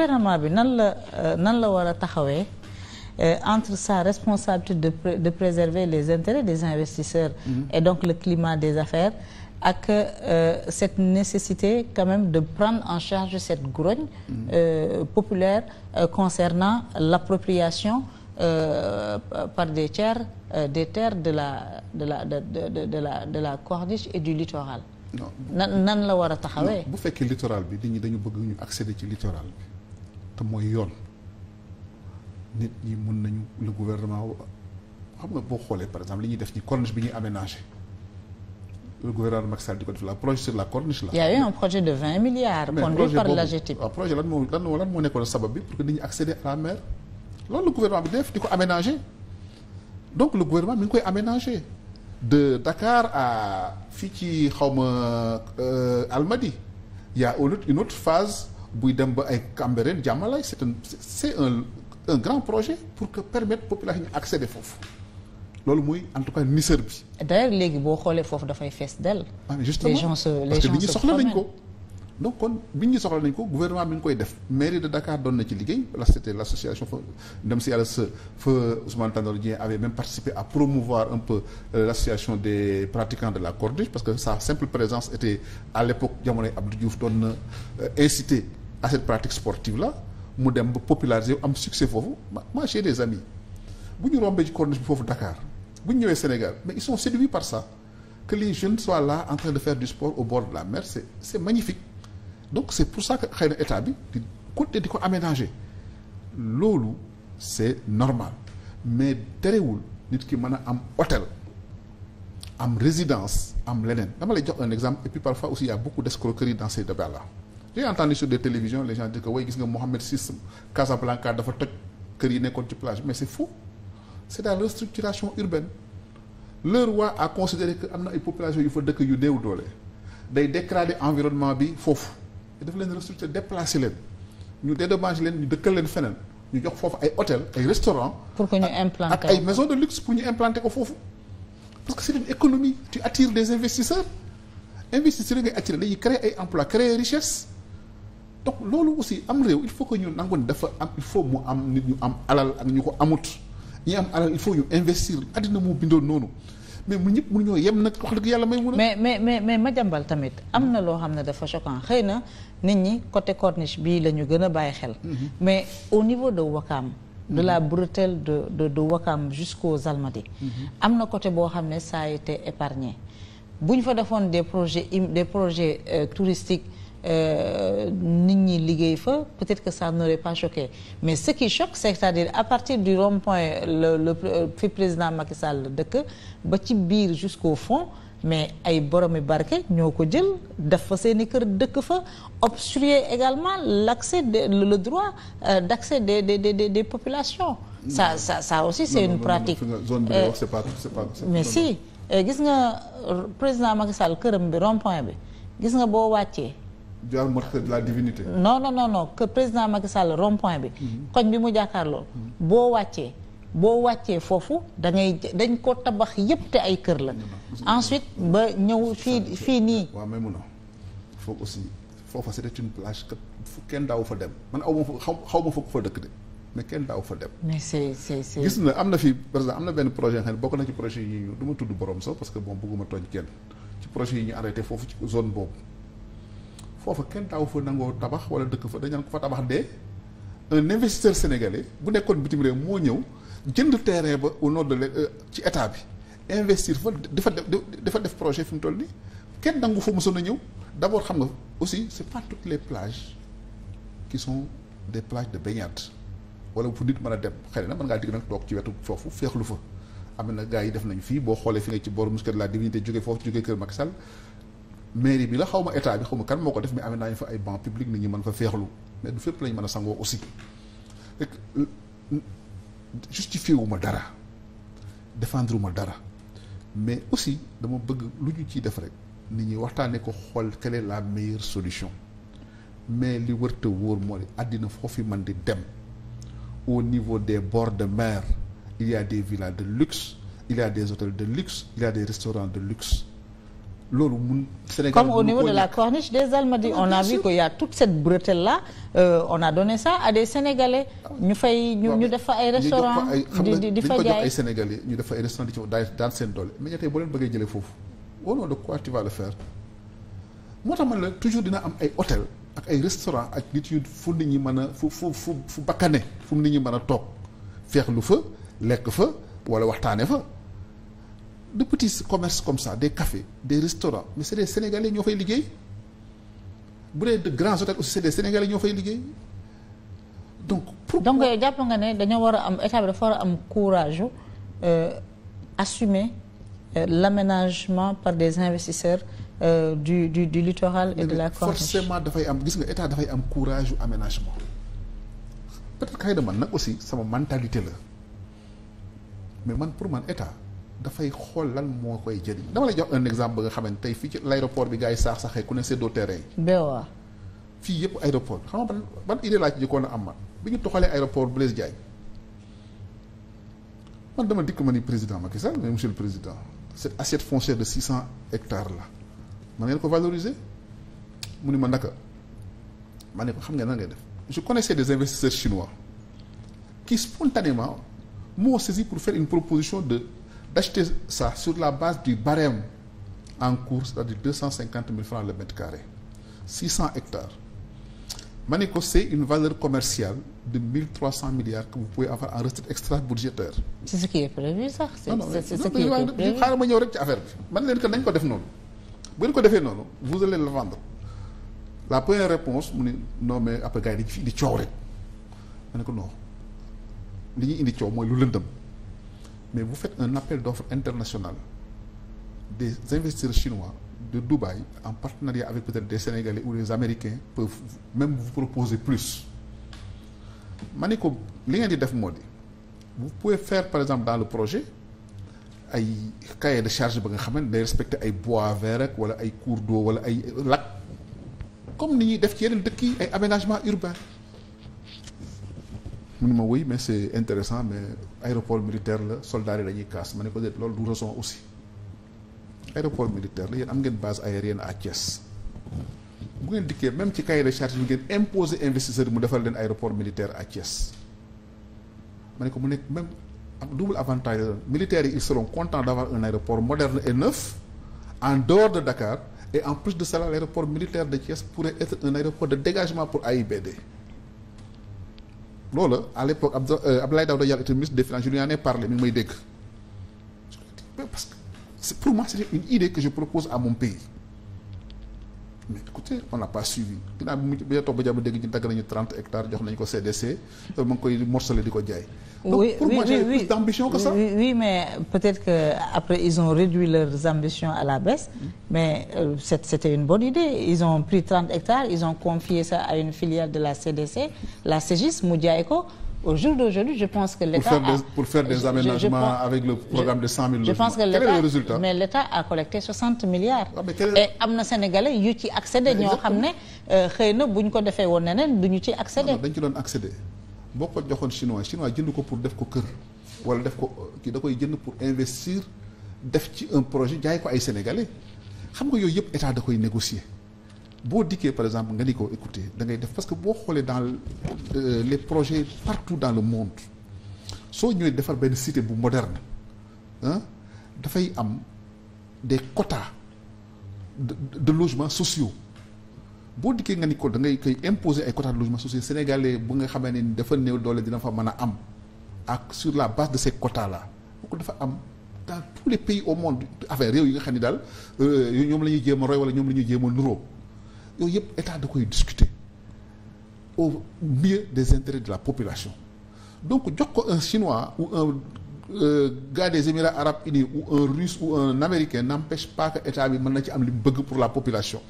gouvernement bi nan la euh, nan la war a taxawee euh, entre sa responsabilité de pr de préserver les intérêts des investisseurs mhm. et donc le climat des affaires ak euh, cette nécessité quand même de prendre en charge cette grogne mhm. populaire concernant l'appropriation Euh, par des tiers des terres de la de la de de de la de la corniche et du littoral. nan nan la war a taxawee. bu fekkee littoral bi dañu bëgg ñu accéder ci littoral mooy yoon nit ñi mun nañu le gouvernement xam nga boo xoolee par exemple li ñuy def ci corniche bi ñuy aménagé le gouvernement Macky Sall di ko def la projet sur la corniche la. y a eu un projet de vingt milliards. conduit par l'AGETIP mais ah, projet lan moo lan moo lan moo nekkoon donc le gouvernement mi ngi koy aménagé. de Dakar à fii ci xaw ma Almadi phase. buy dem ba ay Cambérène Diamalaye c'est un c'est un un grand projet pour que permettre population ñu accéder foofu loolu mooy en tout cas niseur bi. d'ailleurs léegi boo xoolee foofu dafay fees dell. Ah, les gens se les nañ ko. donc kon nit ñi soxla nañ ko gouvernement bi ñu koy def mairie de na ci liggéey la c'était l'association fa dem si yàlla sa fa Ousmane Tanor Dieng avait même participé à promouvoir un peu euh, l'association des pratiquants de la corniche parce que sa simple présence était à l'époque jamonoy Abdou Diouf doon na euh, inciter. à cette pratique sportive la mu dem ba populariser am succès foofu ma j'ai des amis bu ñu rombee ci corniche bi foofu Dakar bu ñu ñëwee Sénégal mais ils sont séduits par ça que les jeune soient la en train de faire du sport au bord la mer c'est c'est magnifique donc c'est pour ça que xëy na état bi di côté di ko aménager loolu c'est normal mais derewul nit ki mën a am hôtel am résidence am leneen dama lay jox un exemple et puis parfois aussi il y a beaucoup d'escroquerie dans ces débats là j'ai entendu sur des télévisions les gens dire que gis nga Mohamed VI Casablanca dafa toj kër yi nekkoon ci plage mais c'est faux c'est la restructuration urbaine le roi a considéré que am na ay population yu fa dëkk yu néew doole day dégrader environnement bi foofu dafa leen restructurer déplacer leen ñu dédommager leen ñu dëkkal leen feneen ñu jox foofu ay hôtel ay restaurants. pour que ñu implanter ak ay maisons de luxe pour ñu implanter ko foofu. parce que c'est une des investisseurs investisseurs yi ngay ay emplois créer richesse. donc loolu aussi am réew il faut que ñu nangoon dafa am il faut mu am nit ñu am alal ak ñu ko amut ñi am alal il faut ñu investir àddina moo bindoon noonu mais mu ñëpp mënuñoo yem nag wax dëgg yàlla may mun a. mais mais mais mais tamit am na loo xam ne dafa choquant xëy na nit ñi côté corniche bii la gën a bàyyi xel. Mhm. mais au niveau de Wakam. de mhm. la bretelle de de de Wakam jusqu'aux Almadies. Mhm. am na côté boo xam ne ça a été épargné bu ñu fa defoon des projets des projets euh, touristiques. Euh, nit ñi liggéey fa peut-être que sa n'aurait pas choqué mais ce qui choque c'est-à-dire à partir du rond-point le le euh, fi président Macky Sall dëkk ba ci biir jusqu'au fond mais ay boromi barke ñoo ko jël def fa seeni kër dëkk fa obstruer également l'accès de le droit euh, d'accès des des des des populations. ça aussi c'est une pratique. zone mais si gis nga président Macky Sall këram bi rond bi gis nga boo wàccee. jaar marché de la divinité. non non non non que président Macky Sall rond point bi. Mm-hmm. koñ bi mu jàkkaarloo. boo wàccee boo wàccee foofu da dañ ko tabax yépp te ay kër la. Mm-hmm. ensuite ba ñëw fii fii nii. waaw mais mun na foofu aussi foofa c'était une plage aw ma de mais kenn daaw fa dem. mais c'est c'est c'est gis na am na fi par exemple am na benn projet xam ne bokk na ci projet yi ñu du tudd borom sax parce que bon bëgguma tooñ kenn ci projet yi ñu arrêté foofu ci zone boobu. foofa kenn daaw fa nangoo tabax wala dëkk fa dañ naan ko fa tabax dee un investisseur sénégalais bu nekkoon bitim réew moo ñëw jënd terrain ba au nord de euh, ci état bi investir fa dafa dafa def projet fi toll nii kenn nangu fa mosoon na ñëw d' xam nga aussi c' est pas les plages qui sont des plages de baignade wala fu nit mën a dem xëy na mën ngaa digg nag toog ci wetu foofu féexlu fa am na gaa yi def nañ fii boo xoolee fi nga ci booru Muscat de la Divinité jógee foofu jógee Kër Macky Sall mairie bi la xaw ma état bi xaw kan moo ko def mais amee naa ñu fa ay bancs publics nit ñi mën fa feexlu a sangoo euh, wu ma dara défendre ma dara mais aussi dama bëgg lu ñu ciy def rek nit ñi waxtaanee ko xool quelle la meilleure solution mais li wërta wóor moo di àddina foofu man di dem au niveau des bords de mer il y a des villas de luxe il y a des de luxe il y a des de luxe loolu mun Sénégal comme au niveau de la corniche des Almadies on a vu que y a toute cette bretelle là euh, a donné ça à des ñu fay ñu ñu def fa ay restaurants di di fa jaay ñu jox ay sénégalais ñu def fa ay restaurants di ci daan daan seen doole mais tey boo leen bëggee jëlee foofu au moo tax man la toujours dina am ay hôtel ay restaurants ak nit yu fu nit mën a fu fu fu fu bakkane fu nit ñi mën a toog feexlu fa lekk fa wala waxtaane fa. de petits commerce comme ça des cafés des restaurants mais c'est des sénégalais ñoo fay liggéey bu dee de grands hôtels aussi c'est des sénégalais ñoo fay liggéey donc. pourquoi donc yow jàpp nga ne dañoo war a am état bi dafa war a am courage euh, assumer euh, l'aménagement par des investisseurs euh, du du du littoral. et de la Corniche forcément dafay am gis nga état dafay am courage aménagement peut-être xëy man nag aussi sama mentalité la mais man pour man état. dafay xool lan moo koy jëriñ dama lay jox un exemple ba nga xamante tey fii ci l'aéroport bi gars yi saax saxee ku ne séddoo terrain yi. BOA. fii yëpp aéroport xam nga ban ban idée laa ci jëkkoon a am ma bi ñu toxalee aéroport Blaise Diagne man dama dikk man ni président Macky Sall mais monsieur le président cette assiette foncière de six cent ectare la man ngeen ko valoriser mu ni ma naka ma ne ko xam nga nan ngay def je connaissais des investisseurs chinois qui spontanément m'ont saisi pour faire une proposition de d'acheter ça sur la base du barème en cours cest à deux cent cinquante mille francs le mètre carré six cent hectares ma ne ko c'est une valeur commerciale de mille trois cent milliards que vous pouvez avoir en recette extra-budgétaire. c'est ce qui est prévu sax. c'est ce qui est prévu xaaral ma ñëw rek ci affaire bi. man leen que nañ ko def noonu bu ñu ko defee noonu vous allez le vendre la première réponse mu ne non mais après gars yi dañu fi indi coow rek ma ne ko non li ñuy indi coow mooy lu lëndëm. mais bu faites un appel d'offres international des investisseurs chinois de Dubaï en partenariat avec peut-être des Sénégalais ou des Américains peuvent même vous proposer plus ma ne ko li ngeen di def moo di vous pouvez faire par exemple dans le projet ay cahier de charge ba nga xamante ne respecte ay bois verts ak wala ay cours d'eau wala ay lac comme ni ñuy def ci yeneen dëkki ay aménagement urbain mu ne ma wëy mais c'est intéressant mais aéroport militaire la soldats yi dañuy cas ma ne ko déet loolu du raison aussi aéroport militaire la yéen am ngeen base aérienne à Thiès bu ngeen dikkee même ci cahier de charge bi ngeen imposer investisseur bi mu defal leen aéroport militaire à Thiès ma ne ko mu nekk même double avantage la militaires yi ils seront contents d'avoir un aéroport moderne et neuf en dehors de Dakar et en plus de cela l'aéroport militaire de Thiès pourrait être un aéroport de dégagement loolu à l'époque euh, Abdoulaye Daouda Diallo était ministre des finances je lui parlé mi may dégg parce que c'est pour moi c'était une idée que je propose à mon pays mais écoutez on n'a pas suivi ginnaaw bi mu dégg ñu dagg nañu trente hectares jox nañu ko CDC ma ngi koy morcelé di ko jaay. donc pour moi j'ai plus d'ambition que ça. oui oui mais peut-être que après ils ont réduit leurs ambitions à la baisse. Mm. mais euh, c'était une bonne idée ils ont pris trente hectares ils ont confié ça à une filiale de la CDC la CGIS mu jaay ko. Au jour d'aujourd'hui, je pense que l'État. Pour, pour, faire des aménagements je, je pense, avec le programme je, de 100 000 Je pense que l'État. Mais l'État a collecté 60 milliards. Ah, Et am na Sénégalais yu ci accédé ñoo xam ne euh, xëy na bu ñu ko defee woon neneen du ñu ci accédé. dañ ci doon accédé boo ko joxoon chinois chinois jënd ko pour def ko kër wala def ko kii da koy jënd pour investir def ci un projet jaay ko ay sénégalais xam nga yooyu yëpp état da koy négocier. boo dikkee par exemple nga ni ko écouter da ngay def parce que boo xoolee dans euh, les projets partout dans le monde soo ñëwee defar benn cité bu moderne ah dafay am des quotas de de logements sociaux boo dikkee nga ni ko da ngay koy imposer ay quotas de logements sociaux sénégalais bu nga xamee ne dafa néew doole dina fa mën a am ak sur la base de ces quotas là ko dafa am. dans tous les pays au monde affaire réew yi nga xam ni daal euh, ñoom la ñuy jéem a roy wala ñoom la ñuy jéem a nuróo yooyu yëpp état da koy discuter au mieux des intérêts de la population donc jox ko un chinois ou un euh, gars des Émirats arabes unis ou un russe ou un américain n'empêche pas état bi mën na ci am li mu bëgg pour la population